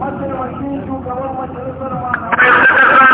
mataimakin shugaban majalisar malamai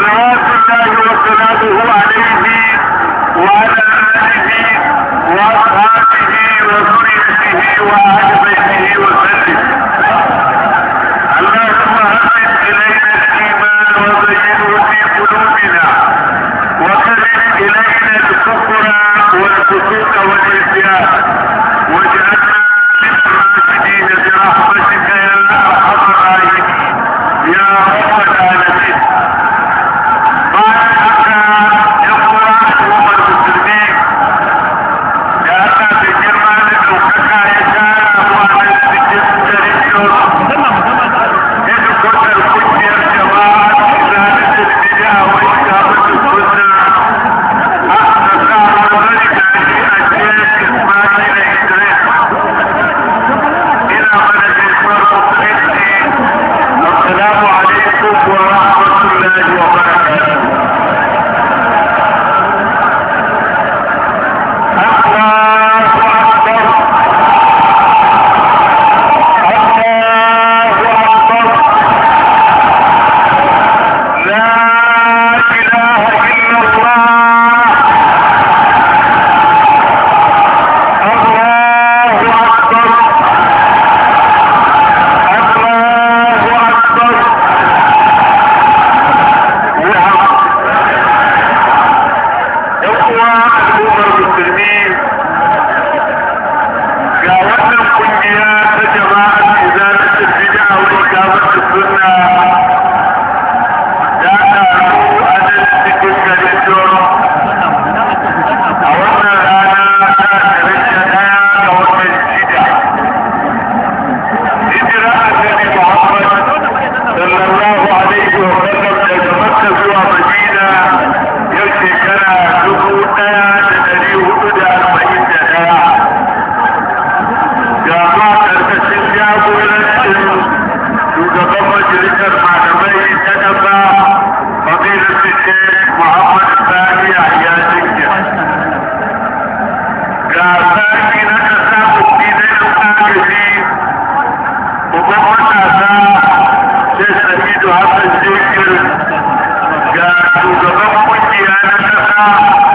صلوات الله وسلامه عليه وعلى آله وأصحابه وذريته وأهل بيته وسلم اللهم هبب إلينا الإيمان وزينه في قلوبنا وكره إلينا الكفر والفسوق والعصيان واجعلنا من الراشدين برحمتك يا أرحم الراحمين يا رب العالمين Abdul Shekir ga shugaban kungiya na ƙasa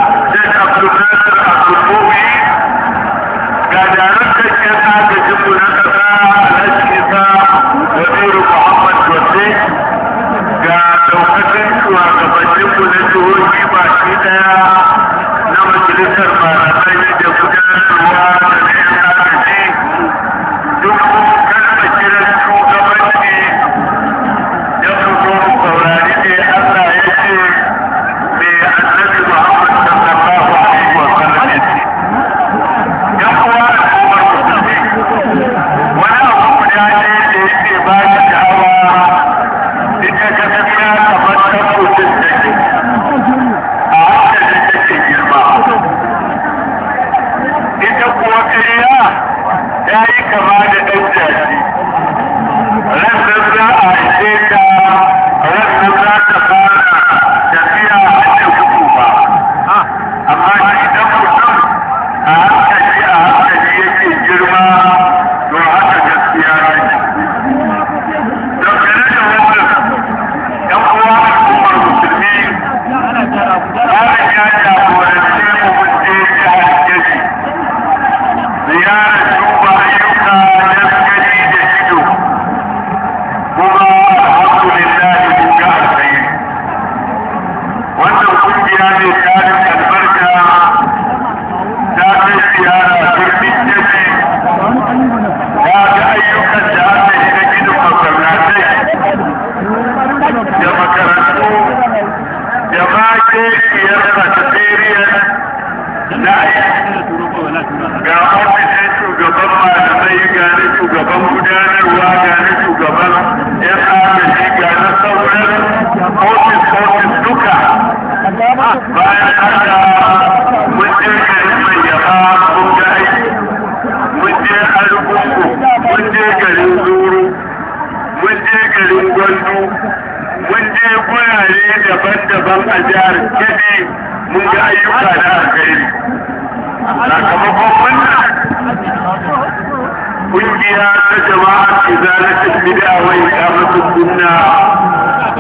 kungiya ta jama'ar izalatin bid'a wa iqamatul sunna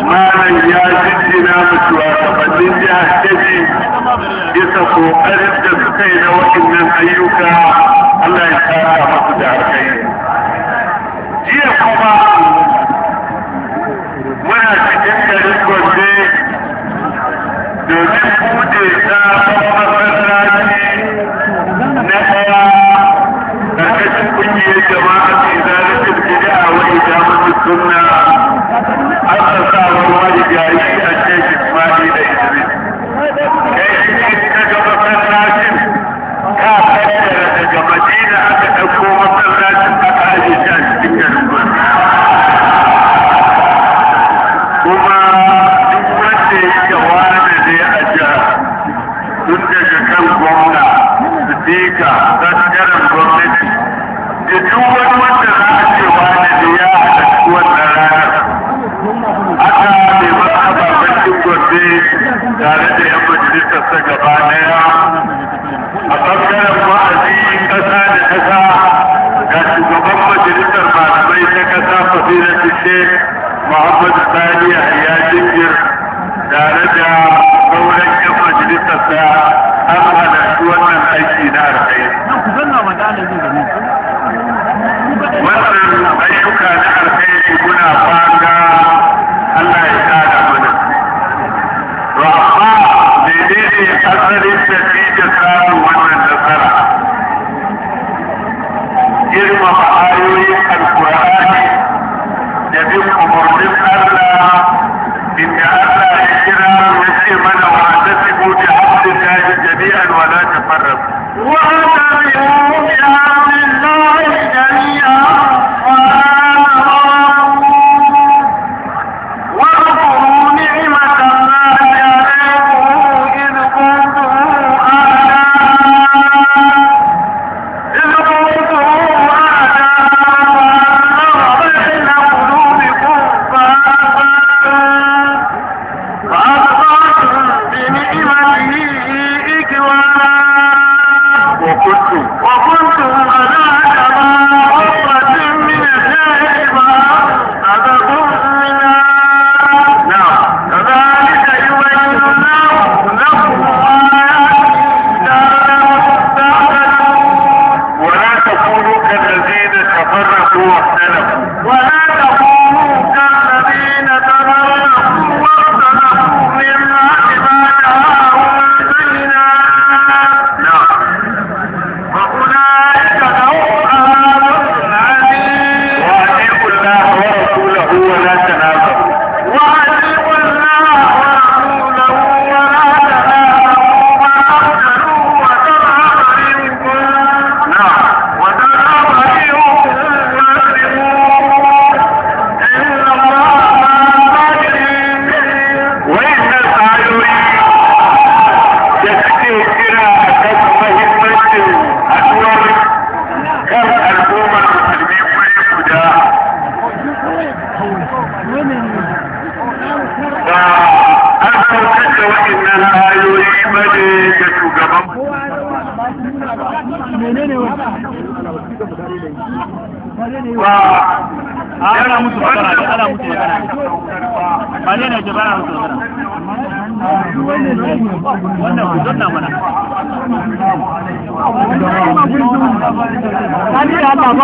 malam ya jinjina mutuwa gabanin jihar Kebbi bisa kokarin da suka yi na waɗannan ayyuka Allah ya tsara masu da harkai. Jiya kuma muna cikin garin Gombe domin bude sabon masallaci na ɗaya ƙarƙashin kungiyar jama'a sunna asasawar marigayi a sheikh ismail da idris kai shi ne ka gaba masallacin ka kaddara daga madina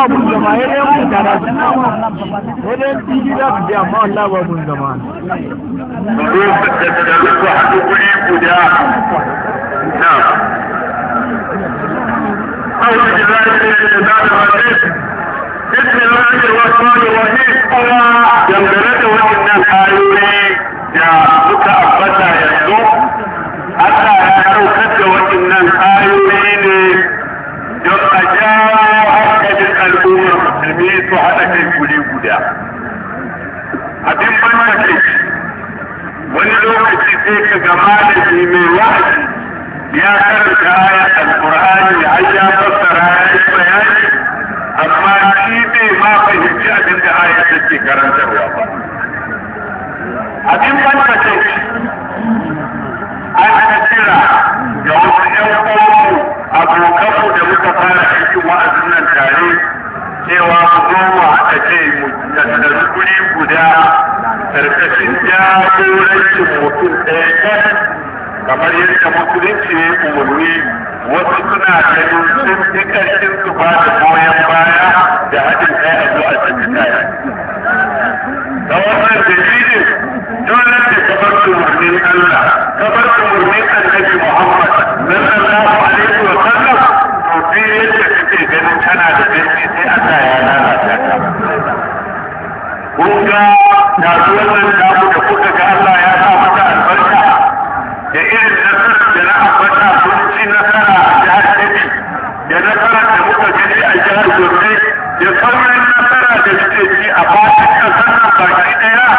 ba mun zama ya dai mun tara su ya dai fili za su je amma Allah ba mun zama ko da da ku haɗu guri guda na أعوذ بالله من الشيطان الرجيم بسم الله الرحمن الرحيم يمدلته وإن الآيوني يا متأبتا sai su haɗa kai guri guda abin ban wani lokaci sai ka ga malami mai wa'azi ya karanta aya alƙur'ani har ya fassara ya yi bayani amma shi bai ma fahimci abin da aya take karantarwa ba abin ban ka tafi guri guda karkashin jagorancin mutum ɗaya kan kamar yadda musulunci ya umarni wasu suna ganin sun fi ƙarshen su ba da goyon baya da haɗin kai a zuwa cikin kaya. Da wannan dalilin dole ne ka bar umarnin Allah, ka bar umarnin Annabi Muhammad sallallahu alaihi wa sallam to duk yadda kake ganin tana da gaske sai Allah ya lalata ka. kun na tafi wannan da kuka ga Allah ya sa mata albarka da irin nasarar da na ambata sun ci nasara a jihar Kebbi da nasarar da muka gani a jihar Gombe da sauran nasara da suke ci a bayan kasar nan baki daya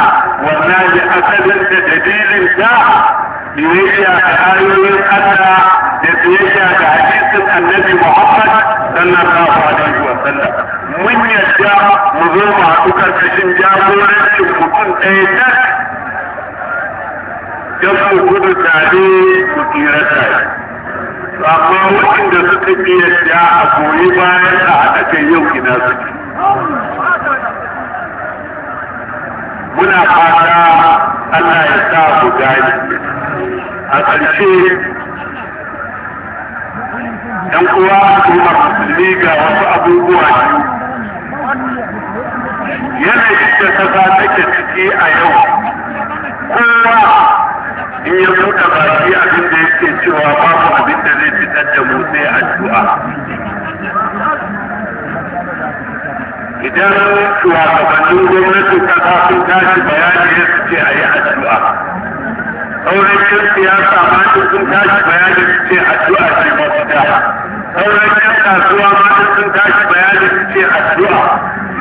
wannan ya asalin da dalilin da biyayya ga ayoyin Allah da biyayya ga hadisin annabi Muhammad sallallahu alaihi wa da. mun yadda mu zo mu haɗu karkashin jagorancin mutum ɗaya tak don mu gudu tare da tsira tare amma da suka ƙi yadda a koyi bayan a haɗa yau ina suke muna fata Allah ya sa mu gani a ƙarshe ‘yan uwa su musulmi ga wasu abubuwa yanayin da kasa take ciki a yau kowa in ya buɗe baki abin da yake cewa babu abin da zai fitar da mu sai addu'a idan shugabannin gwamnati kasa sun tashi bayani ya suke a yi addu'a sauran yan siyasa ma sun tashi bayanin ce addu'a ce mafita sauran yan kasuwa ma sun tashi bayanin ce addu'a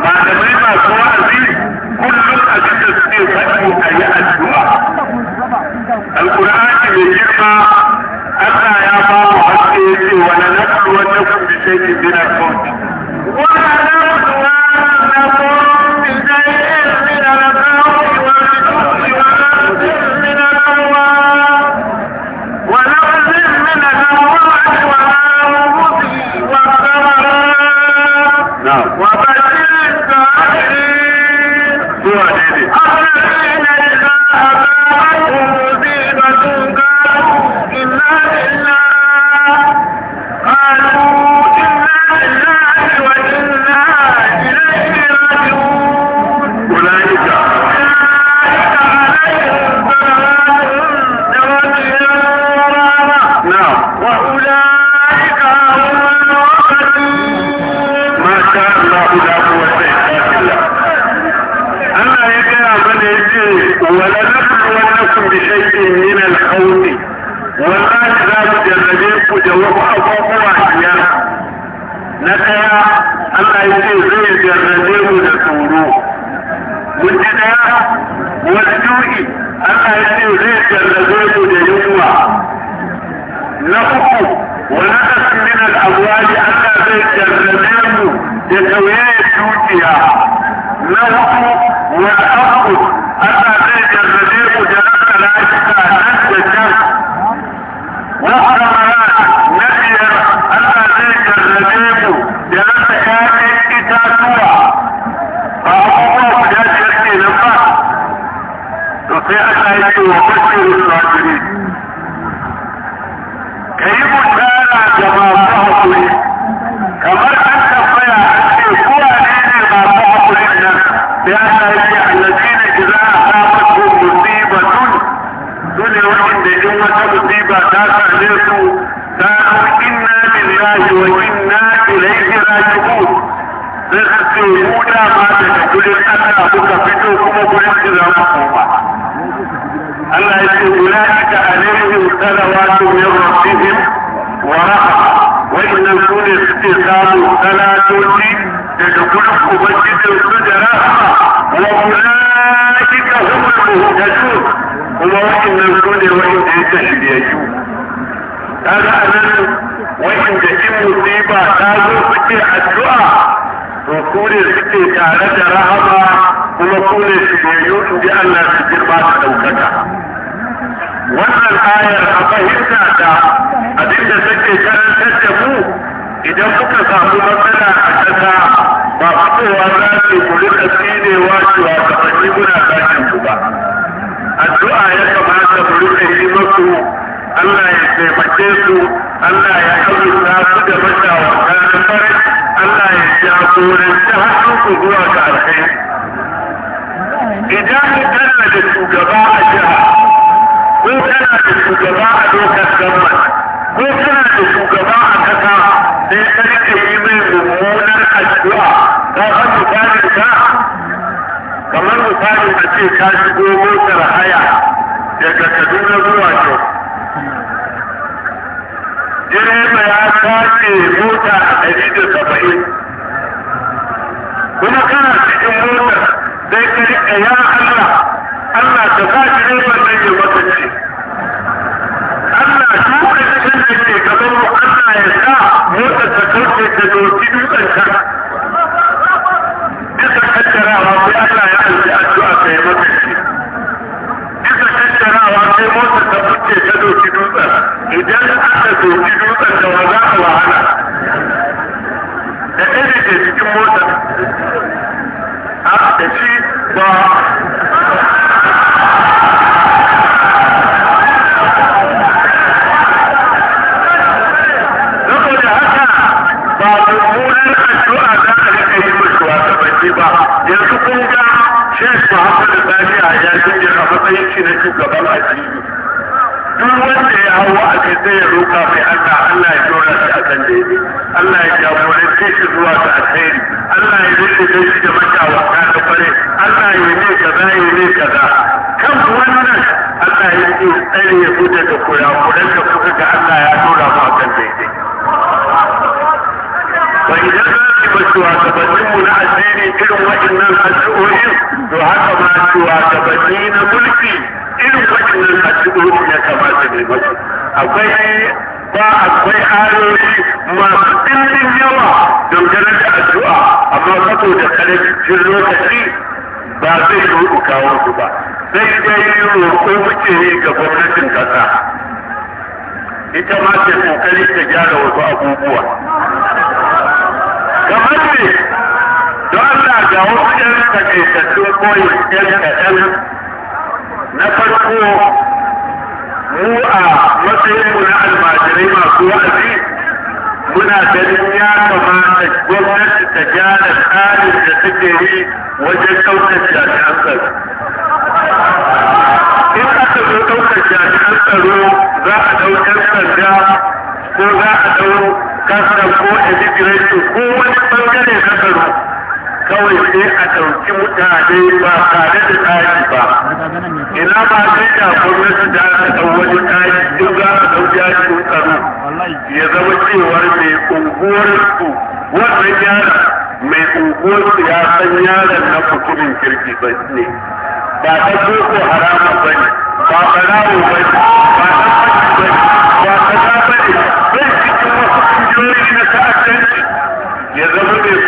malamai masu wa'azi kullum a da suke faɗi a yi addu'a alkur'ani mai girma Allah ya ba mu haske ya ce wa lanaslu wa nakum bi shay'in min al-khawf wa lanaslu ولنبلونكم بشيء من الخوف والآن ذلك جنبينكم جواب أبوكم أحيانا نتيا أن يجي زي جنبينكم لتورو مجدنا والجوء أن يجي زي جنبينكم ليوما نفقه ونقص من الأموال أن زي جنبينكم لتويه الدنيا نفقه والأخذ وبشر الصابرين كيف كان جماعة حقل كمر أنت فيا أنت هو أنين ما تحقل إلا بأن الذين إذا أصابتهم مصيبة دون يوم دجوة مصيبة تاسع ليسوا قالوا إنا لله وإنا إليه راجعون Zai ce, "Mu da ma daga gurin ƙasa kuka fito kuma gurin da za mu koma." الله يقول أولئك عليهم صلوات من ربهم ورحمة وإن كل اتخاذ الصلاة تدخلهم مسجد الصدر وأولئك هم المهتدون هو وإن كل وإن يتشد يجوب هذا أنا وإن تتم مصيبة تازو فكي الدعاء وكل suke tare da rahama kuma su ne shiryayyu in ji wannan ayar a fahimta ta abinda take karantar da mu idan muka samu matsala a ƙasa ba fitowa za ki ku rika tsinewa cewa kamanni muna kashin ku ba addu'a ya kamata mu rika yi masu Allah ya taimake su Allah ya azurta su da mashawarta na Allah ya hannun ku zuwa ga alkhairi idan tana da shugaba a jiha ko kana da shugaba a dokar gama ko kana da shugaba a kasa sai ka yi mai mummunar addu'a ka san misalin ka kamar misalin a ce ka shigo motar haya daga Kaduna zuwa Jos direba ya kwace mota a ɗari da saba'in kuma kana cikin motar sai ka rike ya Allah Allah ka sa direban nan ya makance Allah dukkan cikin da ke gaban mu Allah ya sa motsa ta kauce ta doki dutsen ta bisa kaddarawa sai Allah ya alji addu'a ka ya makance bisa kaddarawa sai motsa ta fice ta doki dutsen idan aka doki dutsen da wa za a wahala da ɗaya ke cikin motar a da shi ba akwai ba akwai ayoyi masu ɗimbin yawa dangane da addu'a amma saboda karancin lokaci ba zai yi kawo su ba sai dai yi roƙo muke yi ga gwamnatin ƙasa ita ma ke kokari ta gyara wasu abubuwa kamar ne don Allah ga wasu 'yan takaitattun koyi 'yan kaɗan na farko mu a matsayin mu na almajirai masu wa'azi muna ganin ya kamata gwamnati ta gyara tsarin da take yi wajen ɗaukar jami'an tsaro. In aka zo ɗaukar jami'an tsaro za a ɗaukar sanda ko za a ɗau kasar ko immigration ko wani ɓangare na tsaro kawai sai a ɗauki mutane ba tare da tsari ba ina ba sai da gwamnati da ta ɗau wani tsari in za a ɗau jajin tsaro ya zama cewar mai unguwar su wannan yaron mai unguwar su ya san yaron na mutumin kirki ba ne ba ta boko harama ba ne ba ɓarawo ba ne ba ta fashi ba ne ba ta ba ne zai cikin wasu ƙungiyoyi na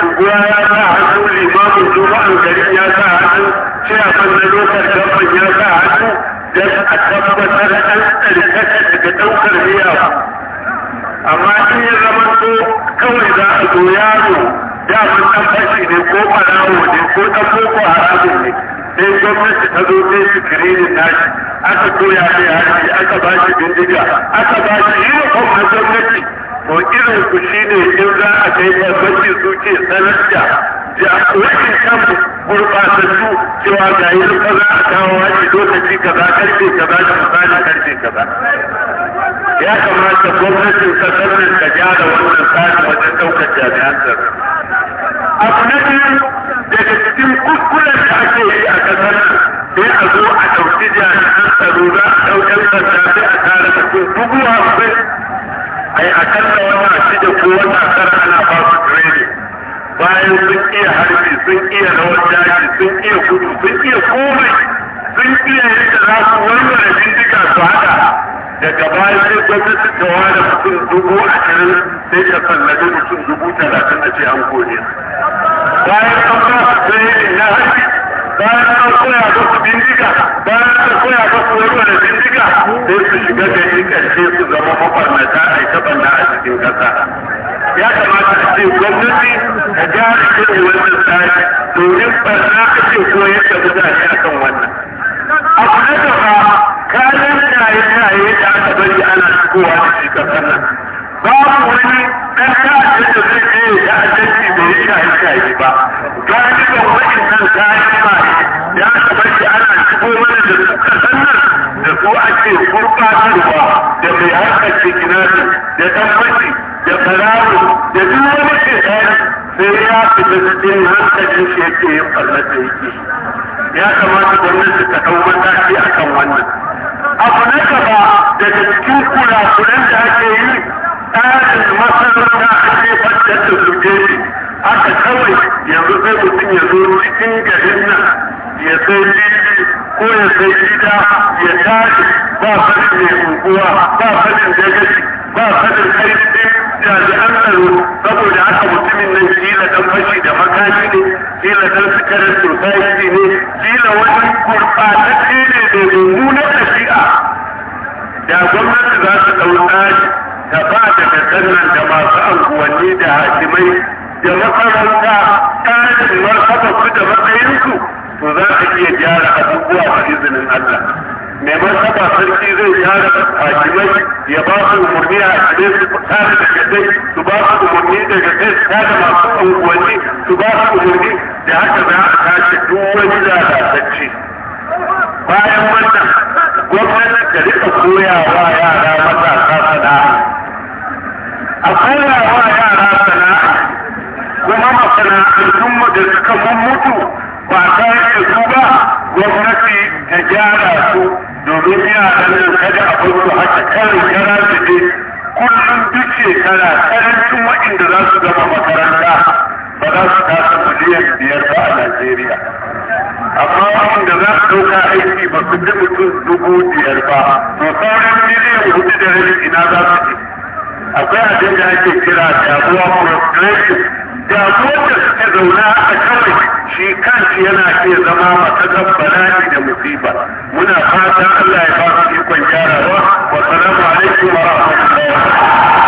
unguwa ya sa hannu limamin juma'an gari ya sa hannu sai ciyaman na lokar gaban ya sa hannu don a tabbatar an tsarkaka daga ɗaukar miyawa amma in ya zama to kawai za a zo yaro da mun ɗan fashi ne ko ɓarawo ne ko ɗan boko haramun ne sai gwamnati ta zo ta yi kirinin nashi aka koya mai harbi aka ba shi bindiga aka ba shi yi na gwamnati to irin ku shine in za a kai farmaki su ke sanar da wajen kan gurɓatattu cewa ga yi duka za a kawo wani lokaci kaza karfe kaza da misali karfe kaza ya kamata gwamnatin kasar nan ta gyara wannan tsari wajen ɗaukar jami'an tsaro abu na biyu daga cikin kuskuren da ake yi a ƙasar, sai a zo a ɗauki jami'an tsaro za a ɗaukar sanda sai a tare da dubu hamsin ai akalla wata shida ko wata tara ana ba su training bayan sun iya harbi sun iya rawar daji sun iya gudu sun iya komai sun iya da za su warware bindiga su haka daga bayan sai gwamnati ta ware mutum dubu ashirin sai ta sallade mutum dubu talatin da ce an kore bayan an ba su tsere na harbi bayan an koya musu bindiga bayan an koya da bindiga sai su shiga gari ƙarshe su zama mafarnata a yi taɓanna a cikin ƙasa ya kamata a ce gwamnati ta gyara shirin wannan tsari domin ɓarna ake koyar da mutane a kan wannan abu na gaba kayan kaye-kaye da aka bari ana shigowa da shi ƙasar nan babu wani ɗan ta'adda da zai je ya ta'addanci bai yi shahi shahi ba galiban waɗannan kayan ba ya taɓa shi ana shigo mana da su kasan nan da ko ake gurɓatarwa da mai harkar cikinatu da tabbaci da fararu da duk wani ke sai ya fita cikin hankalin shi yake yin ɓarnar da yake ya kamata gwamnati ta ɗau mataki akan wannan abu na gaba daga cikin kula-kulan da ake yi tsarin masarauta a ce wadda ta zuge shi haka kawai yanzu sai mutum ya zo cikin garin nan ya sai lili ko ya sai gida ya tashi ba fadin mai unguwa ba fadin dagaci ba fadin aiki jami'an tsaro saboda haka mutumin nan kila dan fashi da makami ne kila dan sikarar society ne kila wani gurɓatacce ne da mummunar tafiya da gwamnati za su ɗau shi. da ba da daddannan da masu anguwanni da hakimai da makaranta tsarin martaba su da matsayinsu to za a iya gyara abubuwa da izinin Allah. Mai martaba sarki zai gyara hakimai ya ba su umarni a hakimai su tsara da gadai su ba su umarni da gadai su tsara masu anguwanni su ba su umarni da haka za a tashi duk wani lalatacce. Bayan wannan gwamnati ta rika koyawa yara matasa sana'a a koya wa yara sana'a kuma masana'antun mu da suka mutu ba tare yi su ba gwamnati ta gyara su domin yaran nan kada a bar su haka kawai gara su je kullum duk shekara karancin waɗanda za su gama makaranta ba za su kasa miliyan biyar ba a Najeriya. Amma waɗanda za su ɗauka aiki ba su ji mutum dubu biyar ba, to sauran miliyan hudu da rabi ina za su ji. akwai abin da ake kira damuwa frustration damuwar da suke zauna a kawai shi kanshi yana iya zama matsakan bala'i da musiba muna fata Allah ya ba su ikon gyarawa wa salamu alaikum wa rahmatullahi